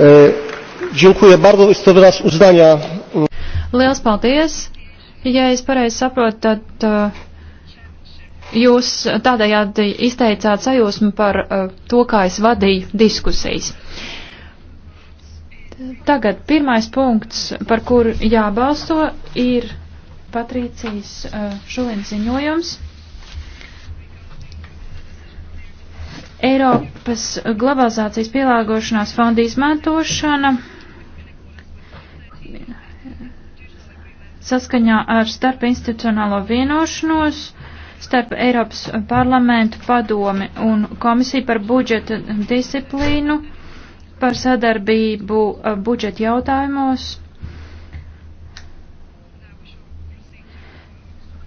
E, dziękuję bardzo. Jest to wyraz uznania. Liels paldies. Ja es pareizi saprotu, tad uh, jūs tādējādi izteicāt sajūsmu par uh, to, kā es vadīju diskusijas. Tagad pirmais punkts, par kuru jābalso, ir Patrīcijas uh, Šulins ziņojums. Eiropas globalizācijas pielāgošanās fonda izmantošana saskaņā ar starp institucionālo vienošanos starp Eiropas parlamentu padomi un komisiju par budžeta disciplīnu, par sadarbību budžeta jautājumos.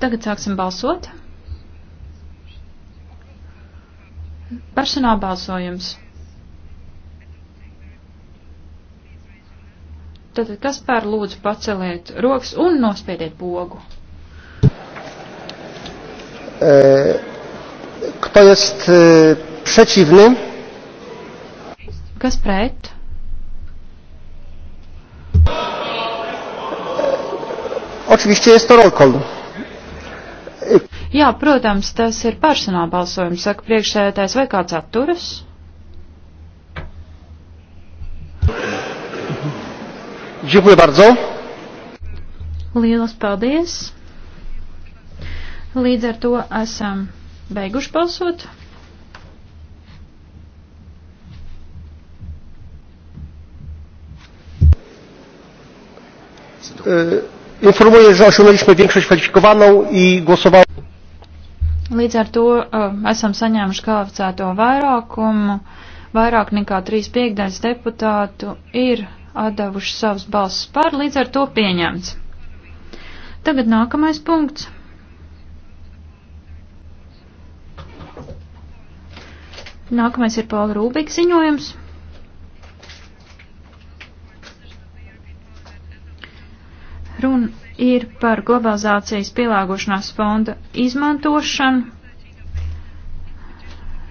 Tagad sāksim balsot. Personāla balsojums. Tātad, kas pār lūdzu paceliet rokas un nospiediet pogu? E, kto jest e, przeciwny? Kas pret? E, oczywiście jest to roll call. Jā, protams, tas ir personāla balsojums, saka priekšsēdētājs, vai kāds atturas? Dziękuję bardzo. Lielas paldies. Līdz ar to esam beiguši balsot. E, informuję, że osiągnęliśmy większość kwalifikowaną i głosowało. Līdz ar to uh, esam saņēmuši kvalificēto vairākumu, vairāk nekā trīs piekdēļas deputātu ir atdevuši savus balsus par, līdz ar to pieņemts. Tagad nākamais punkts. Nākamais ir Paula Rūbīga ziņojums. Runa ir par globalizācijas pielāgošanās fonda izmantošanu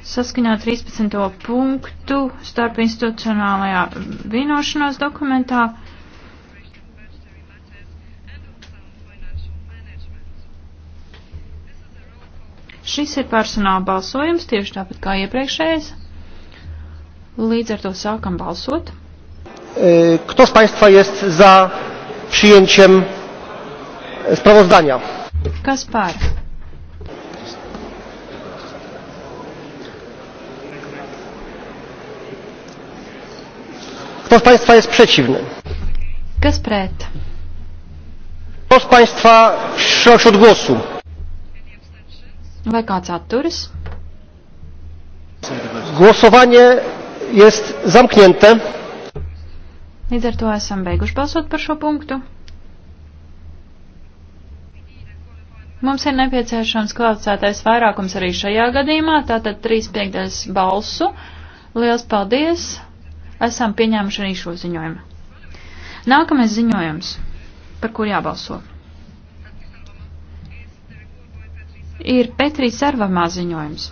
saskaņā 13. punktu starp institucionālajā vienošanās dokumentā. Šis ir personāla balsojums, tieši tāpat kā iepriekšējais. Līdz ar to sākam balsot. E, Kto z Państwa jest za przyjęciem sprawozdania. Kaspar. Kto z Państwa jest przeciwny? Gaspret. Kto z Państwa wstrzymał się od głosu? Vai kāds atturas? Głosowanie jest zamknięte. Līdz ar to esam beiguši balsot par šo punktu. Mums ir nepieciešams kvalificētais vairākums arī šajā gadījumā, tātad 3 piektais balsu. Liels paldies! Esam pieņēmuši arī šo ziņojumu. Nākamais ziņojums, par kur jābalso, ir Petrīs Arvamā ziņojums.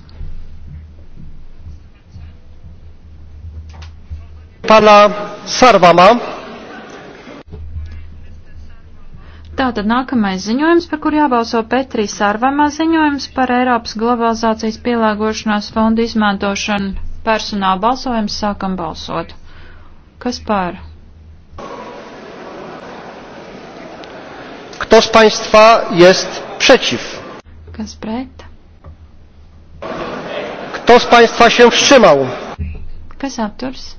Pana Sarvamā. Tātad nākamais ziņojums, par kur jābalso Petrī Sarvamā ziņojums par Eiropas globalizācijas pielāgošanās fondu izmantošanu. Personāla balsojums sākam balsot. Kas pār? Kto z Państwa jest przeciw? Kas pret? Kto z Państwa się wstrzymał? Kas atturs?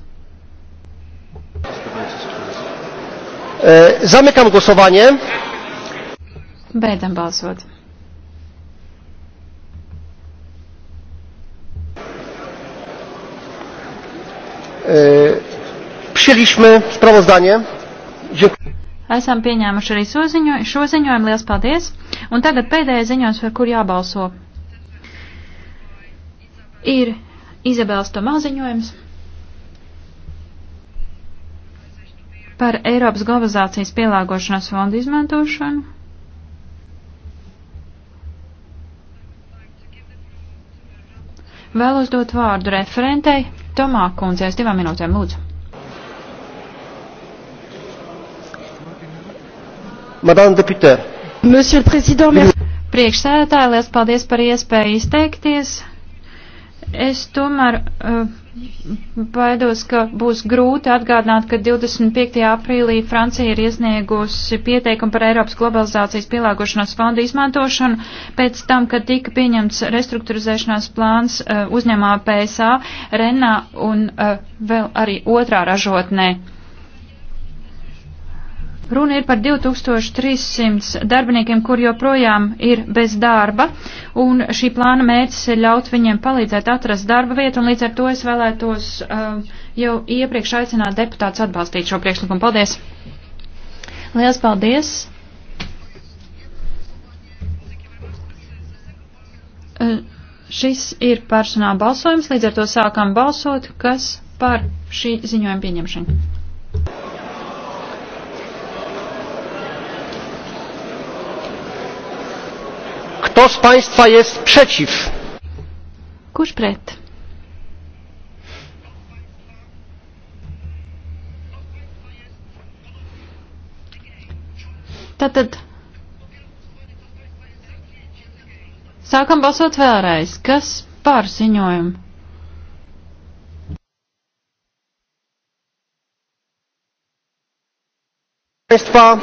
E, zamykam głosowanie. Beidzam balsot. E, przyjęliśmy sprawozdanie. Dziękuję. Esam pieņēmuši arī šo ziņojumu. Lielas paldies! Un tagad pēdējais ziņojums, par kur jābalso, ir Izabels Tomā ziņojums. par Eiropas globalizācijas pielāgošanās fondu izmantošanu. Vēlos dot vārdu referentei Tomā kundzēs divām minūtēm lūdzu. Madame deputē. Monsieur le Président, merci. Priekšsēdētāji, liels paldies par iespēju izteikties. Es tomēr. Uh, baidos, ka būs grūti atgādināt, ka 25. aprīlī Francija ir iesniegusi pieteikumu par Eiropas globalizācijas pielāgošanās fondu izmantošanu pēc tam, kad tika pieņemts restruktūrizēšanās plāns eh, uzņēmā PSA, Renā un eh, vēl arī otrā ražotnē. Runa ir par 2300 darbiniekiem, kur joprojām ir bez darba, un šī plāna mērķis ir ļaut viņiem palīdzēt atrast darba vietu, un līdz ar to es vēlētos uh, jau iepriekš aicināt deputātus atbalstīt šo priekšlikumu. Paldies! Liels paldies! Uh, šis ir personāla balsojums, līdz ar to sākam balsot, kas par šī ziņojuma pieņemšanu. Kto z Państwa jest przeciw? Kurz pret. Tātad sākam balsot vēlreiz. Kas par ziņojumu? Państwa,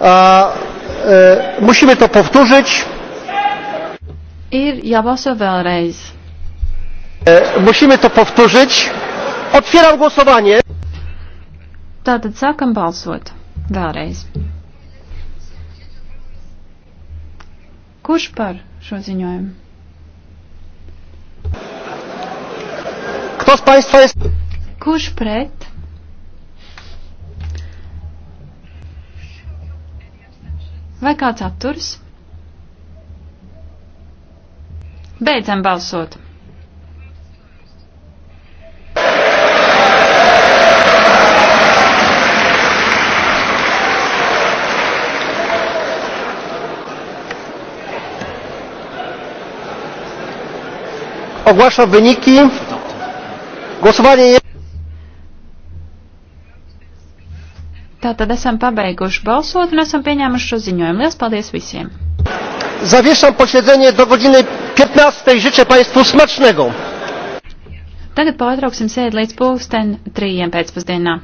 e, e, musimy to powtórzyć. Ir jābalso vēlreiz. E, musimy to powtórzyć. Otwieram głosowanie. Tātad sākam balsot vēlreiz. Kurš par šo ziņojumu? Kto z Państwa jest... Kurz pret. Vai kāds atturs? Beidzam balsot! Ogłaszam wyniki. Głosowanie jest. Tātad esam pabeiguši balsot un esam pieņēmuši šo ziņojumu. Lielas paldies visiem! Zaviešam posiedzenie do godziny 15. Życzę Państwu smacznego! Tagad pārtrauksim sēdi līdz pulksten trījiem pēcpusdienā.